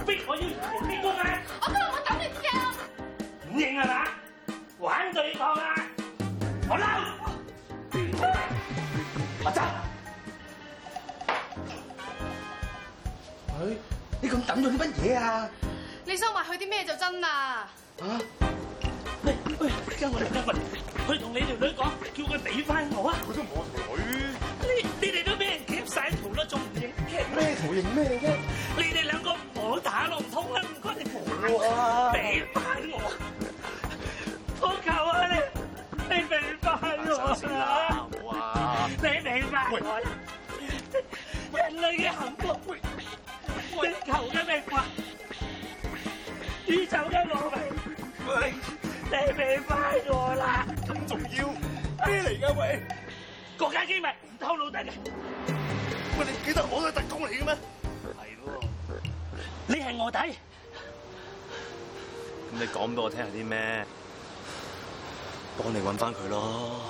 我逼我要成功啊！我都冇等你出嘅，唔認係嘛？玩對抗啊！我嬲！阿真，佢你咁等咗啲乜嘢啊？你想話佢啲咩就真啊？嚇！喂喂，而家我哋而家問佢同你條女講，叫佢俾翻我啊！我都冇同佢，你你哋都俾人劫曬圖啦，仲唔認？咩圖認咩啫？你哋兩個。唔好打我，唔通啊！唔該你，還我，俾翻我，我求下你，你俾翻我啦！哇！你俾翻我啦！喂，人類嘅幸福，喂，星球嘅命運，宇宙嘅和平，你俾翻我啦！咁仲要咩嚟㗎？喂，國家機密，唔透露得嘅，喂，你記得我都特工嚟嘅咩？你係臥底，咁你講俾我聽下啲咩？幫你搵翻佢咯。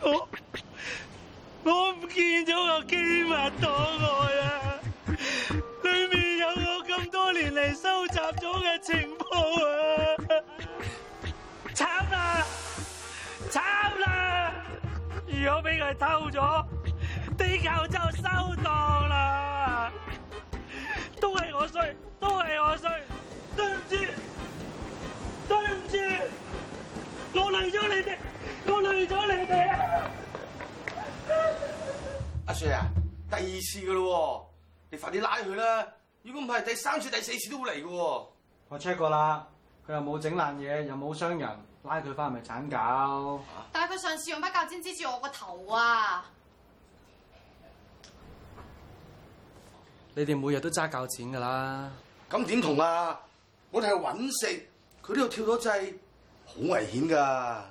我我唔見咗個機密檔案啊！裏面有我咁多年嚟收集咗嘅情報啊！慘啦！慘啦！如果俾佢偷咗。又就收到啦，都係我衰，都係我衰，對唔住，對唔住，我累咗你哋，我累咗你哋。阿雪啊，第二次噶咯，你快啲拉佢啦！如果唔係，第三次、第四次都會嚟噶。我 check 過啦，佢又冇整爛嘢，又冇傷人，拉佢翻係咪鏟搞？但係佢上次用把鉸剪指住我個頭啊！你哋每日都揸教錢噶啦，咁點同啊？我哋係揾食，佢呢度跳咗掣，好危險噶。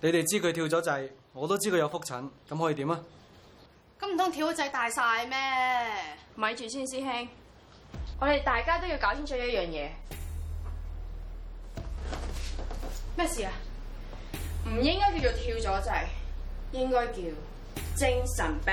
你哋知佢跳咗掣，我都知佢有覆診，咁可以點啊？咁唔通跳咗掣大晒咩？咪住先，師兄，我哋大家都要搞清楚一樣嘢，咩事啊？唔應該叫做跳咗掣，應該叫精神病。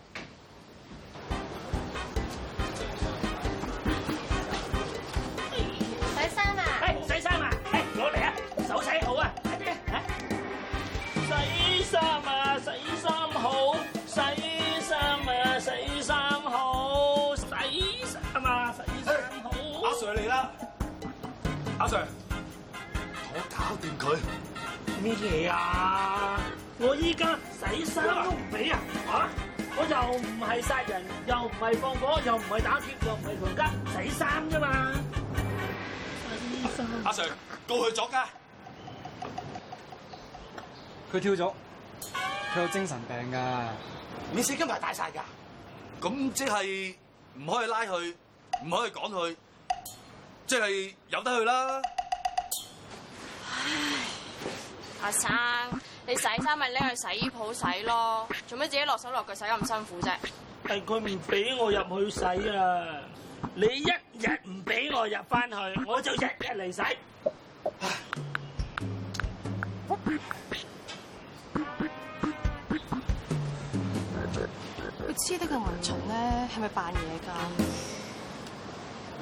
阿 Sir，我搞掂佢。咩嘢啊？我依家洗衫都唔俾啊！啊？我又唔係殺人，又唔係放火，又唔係打劫，又唔係強奸，洗衫啫嘛。洗衫。阿 Sir，過去咗噶。佢跳咗。佢有精神病噶。你死金牌大晒噶。咁即係唔可以拉佢，唔可以趕佢。即係由得去啦！唉，阿生，你洗衫咪拎去洗衣鋪洗咯，做咩自己落手落腳洗咁辛苦啫？但佢唔俾我入去洗啊！你一日唔俾我入翻去，我就日日嚟洗。佢黐得咁勻巡咧，係咪扮嘢噶？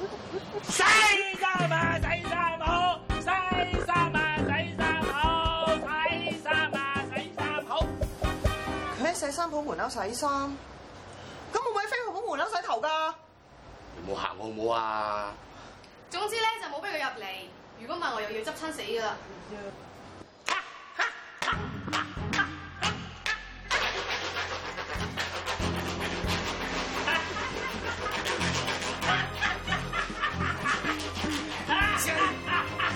洗衫啊，洗衫好，洗衫啊，洗衫好，洗衫啊，洗衫好。佢喺洗衫鋪門口洗衫，咁我喺飛去鋪門口洗頭噶。你冇喊好唔好啊？總之咧就冇俾佢入嚟，如果唔係我又要執親死噶啦。嗯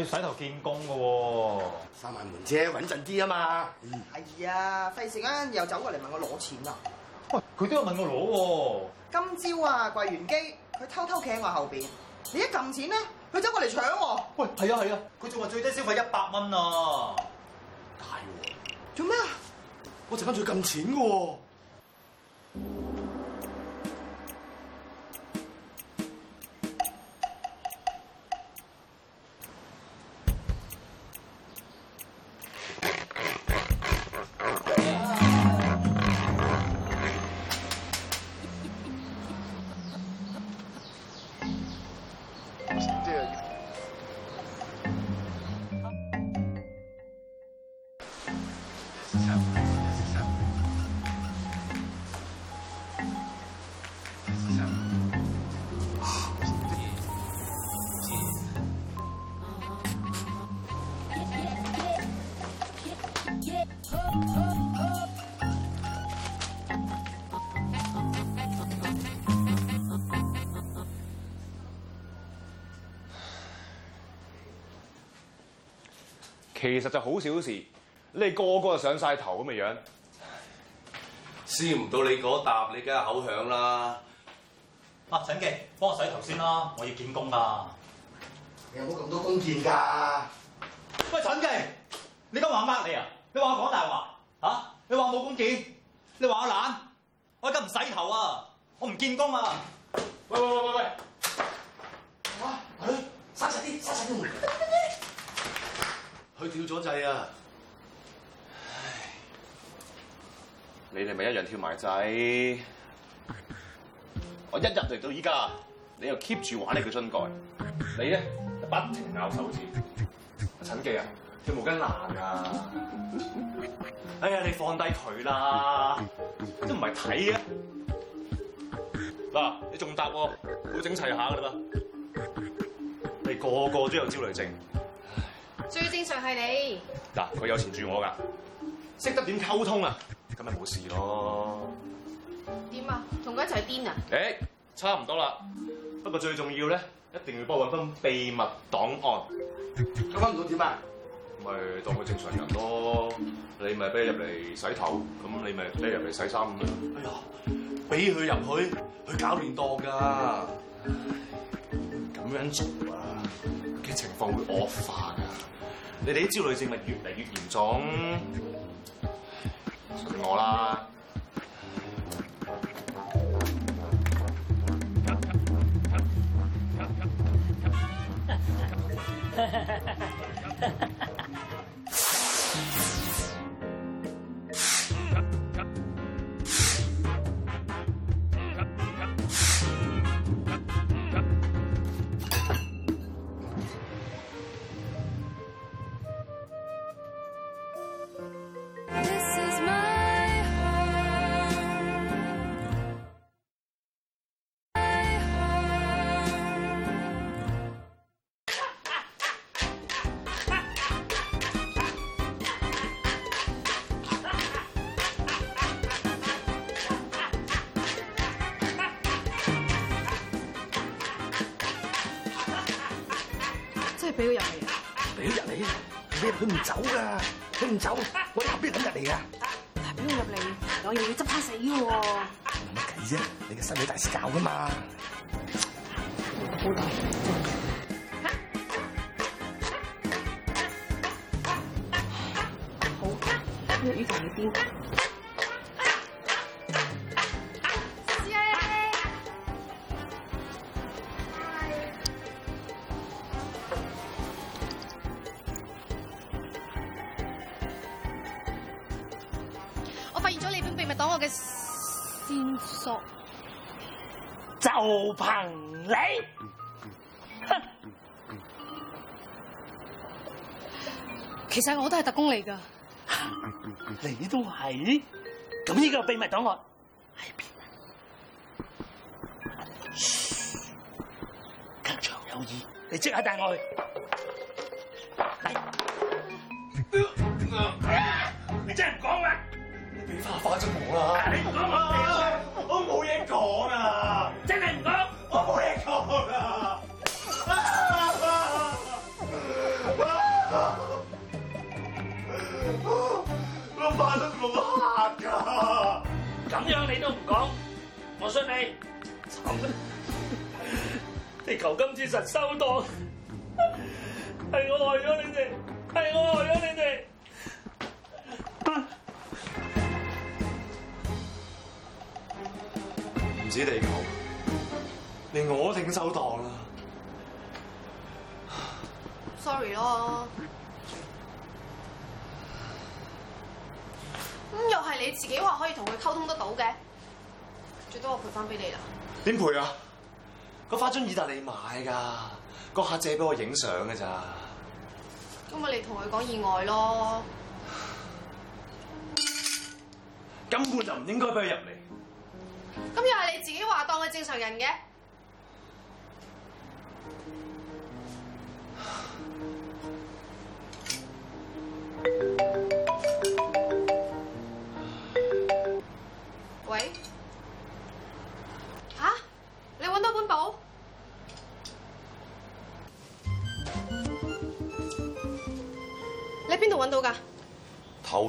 要洗頭見工嘅喎、啊，三萬蚊啫，穩陣啲啊嘛。嗯，係、哎、啊，費、嗯、事啊，又走過嚟問我攞錢啊。喂，佢都有問我攞喎。今朝啊，櫃員機，佢偷偷企喺我後邊，你一撳錢咧，佢走過嚟搶喎。喂，係啊係啊，佢仲話最低消費一百蚊啊。大鑊，做咩啊？我陣間仲要撳錢嘅喎。其實就好小事，你個個上晒頭咁嘅樣，師唔到你嗰搭，你梗係口響啦。啊，陳記，幫我洗頭先啦，我要見工啊。你有冇咁多工件噶？喂，陳記，你咁話乜你啊？你話我講大話？嚇、啊！你話冇功見，你話我懶，我而家唔洗頭啊，我唔見工啊！喂喂喂喂喂！啊，阿、欸、啲，閂晒啲門。佢跳咗掣啊！你哋咪一樣跳埋掣。我一入嚟到依家，你又 keep 住玩你個樽蓋，你咧不停咬手指。陳記啊！條毛巾爛啊！哎呀，你放低佢啦，都唔係睇嘅。嗱，你仲答喎，好整齊下噶啦嘛。你個個都有焦慮症，最正常係你。嗱，佢有纏住我㗎，識得點溝通啊，咁咪冇事咯。點啊？同佢一齊癲啊？誒，差唔多啦。不過最重要咧，一定要幫我揾翻秘密檔案。揾唔到點啊？咪當佢正常人咯，你咪俾入嚟洗頭，咁你咪俾入嚟洗衫咁咯。哎呀，俾佢入去，佢搞亂檔噶。咁樣做啊，嘅情況會惡化噶。你哋啲焦慮症咪越嚟越嚴重。信我啦。 俾佢入嚟，俾佢入嚟，佢唔走噶，佢唔走，我入邊等入嚟噶。但係俾佢入嚟，我又要執翻死喎。冇乜計啫，你嘅心理大師教噶嘛。好，呢魚頭喺邊？就憑你？嗯嗯嗯嗯、其實我都係特工嚟㗎、啊，你都係。咁呢個秘密檔案喺邊？隔牆有耳，你即刻帶我去。啊啊、你真係唔講啦，你俾花花咗我啦！你講啊？咁樣你都唔講，我信你。慘！地 球今次實收檔，係我害咗你哋，係我害咗你哋。唔、啊、止地球，連我都停收檔啦。Sorry 咯。咁又係你自己話可以同佢溝通得到嘅，最多我賠翻俾你啦。點賠啊？個花樽意大利買噶，嗰客借俾我影相㗎咋。咁咪你同佢講意外咯。根本就唔應該俾佢入嚟。咁又係你自己話當佢正常人嘅。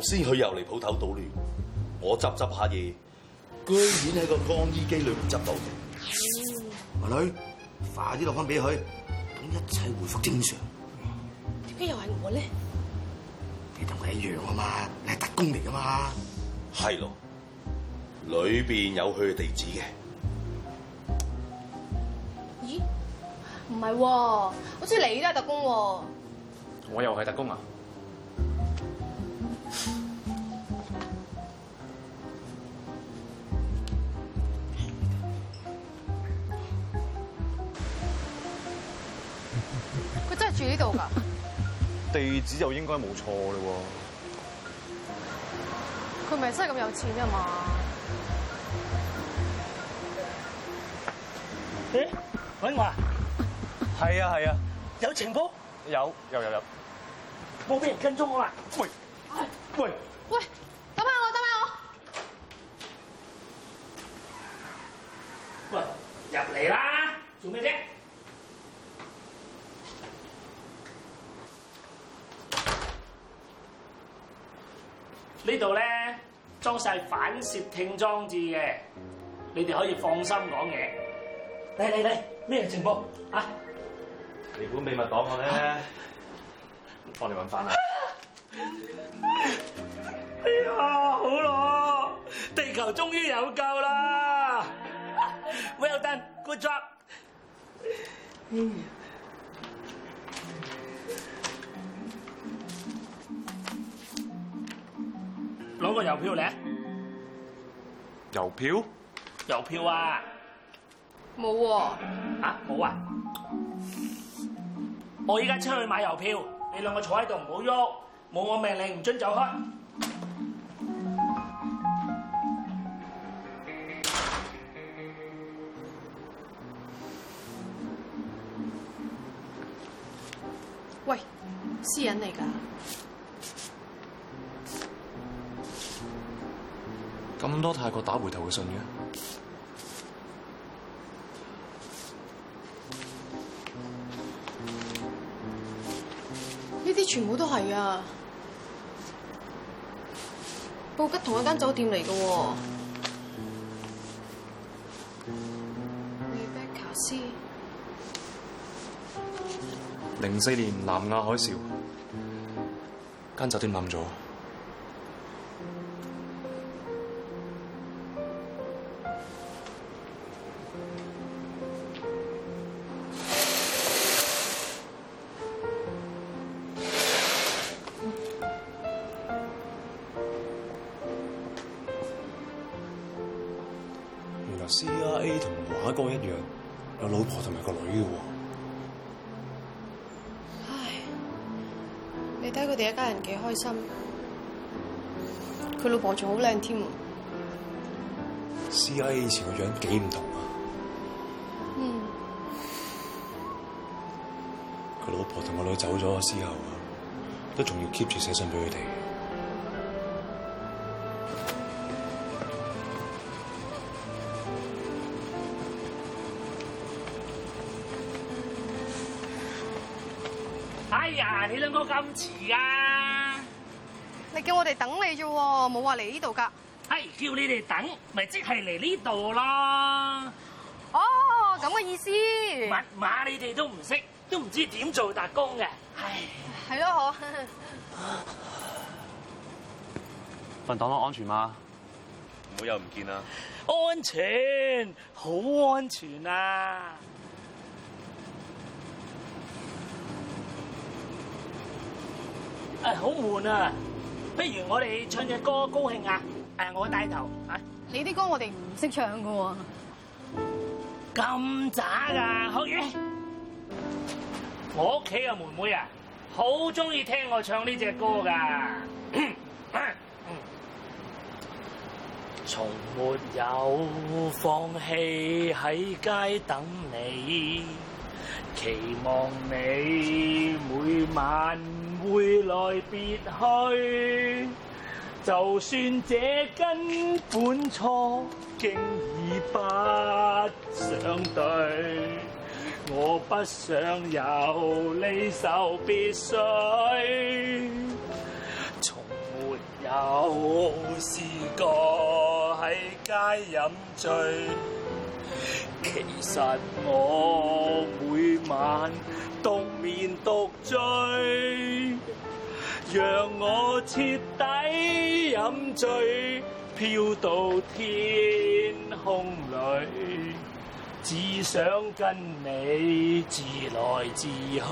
先去又嚟鋪頭搗亂，我執執下嘢，居然喺個乾衣機裏面執到嘅。阿女，快啲落翻俾佢，等一切回復正常。點解又係我咧？你同我一樣啊嘛，你係特工嚟噶嘛？係咯，裏邊有佢嘅地址嘅。咦？唔係喎，好似你都係特工喎。我又係特工啊？呢度噶地址又應該冇錯嘞喎！佢咪真係咁有錢啊嘛？咦、欸，揾我？係啊係啊，啊有情報？有，有有有，冇畀人跟蹤我啊？喂，喂，喂。竊聽裝置嘅，你哋可以放心講嘢。嚟嚟嚟，咩情況啊？你本秘密檔案呢，我、啊、幫你搵翻啦。哎呀，好咯，地球終於有救啦。Well done, good job、哎。攞個郵票嚟。郵票？郵票啊！冇喎，啊，啊，冇啊！我依家出去買郵票，你兩個坐喺度唔好喐，冇我命令唔准走開。喂，私隱嚟㗎。咁多泰國打回頭嘅信嘅，呢啲全部都係啊！布吉同一間酒店嚟嘅喎。零四年南亞海嘯，間酒店冧咗。CIA 同華哥一樣，有老婆同埋個女嘅喎。唉，你睇佢哋一家人幾開心，佢老婆仲好靚添。CIA 以前個樣幾唔同啊。嗯。佢老婆同個女走咗之後，都仲要 keep 住寫信俾佢哋。哎呀！你兩個咁遲啊？你叫我哋等你啫，冇話嚟呢度噶。係、hey, 叫你哋等，咪即係嚟呢度咯。哦，咁嘅意思。密碼你哋都唔識，都唔知點做特工嘅。係係咯，好。份檔檔安全嗎？唔會又唔見啦？安全，好安全啊！誒、哎，好悶啊！不如我哋唱隻歌高興啊！誒、哎，我帶頭啊！你啲歌我哋唔識唱噶喎，咁渣噶，好嘢！我屋企嘅妹妹啊，好中意、哎、聽我唱呢隻歌噶，從 沒有放棄喺街等你。期望你每晚會來別去，就算這根本錯，竟已不想對。我不想有離愁別緒，從沒有試過喺街飲醉。其實我每晚獨眠獨醉，讓我徹底飲醉，飄到天空裏，只想跟你自來自去。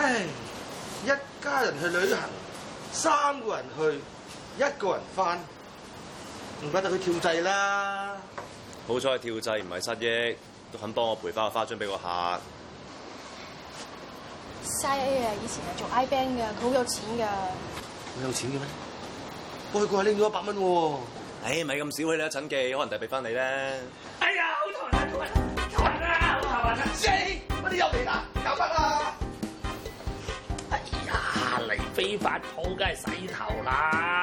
唉，一家人去旅行，三個人去，一個人翻，唔怪得佢跳掣啦。好彩跳掣唔係失憶，都肯幫我賠翻個花樽俾我客。西啊，以前係做 I band 嘅，佢好有錢㗎。好有錢嘅咩？我去過係拎咗一百蚊喎。誒，咪咁少去啦，陳記，可能第日俾翻你啦。哎呀，好痛啊！好痛啊！好痛啊！死！乜哋又嚟啦！好飛發鋪梗係洗頭啦